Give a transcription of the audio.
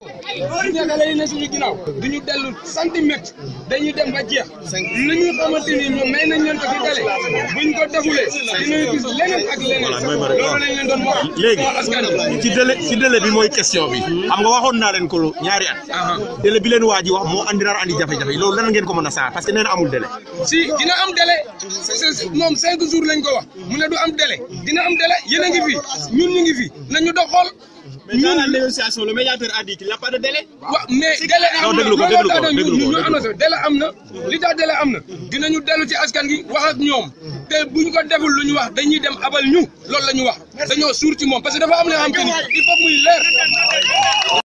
sénégalais yi ne suñu dellu centimètre dañuy dem ba jeex li ñu xamante nañ leen ko ci télé buñ ko defulee léegi ci délai ci délai bi mooy question bi hmm. xam nga waxoon naa leen ko ñaari at ah ah. délai bi leen waa ji wax moo andi nar andi jafe-jafe loolu lan ngeen ko mën a saar parce que nee amul délai si dina am délai moom cinq jours lañ ko wax mu ne du am délai dina am délai yéen ngi fi ñun ñu ngi fi nañu dox xool mais dans la a dit qu'il n'y a pas de délai. waaw mais délai am na loolu tax na ñu ñu annoncé délai am na li tax délai am na dinañu dellu ci askan gi wax ak ñoom te bu ñu ko deful lu ñu wax dañuy dem abal ñu loolu la ñu wax dañoo suur ci moom parce que dafa am na xam te ni il muy leer.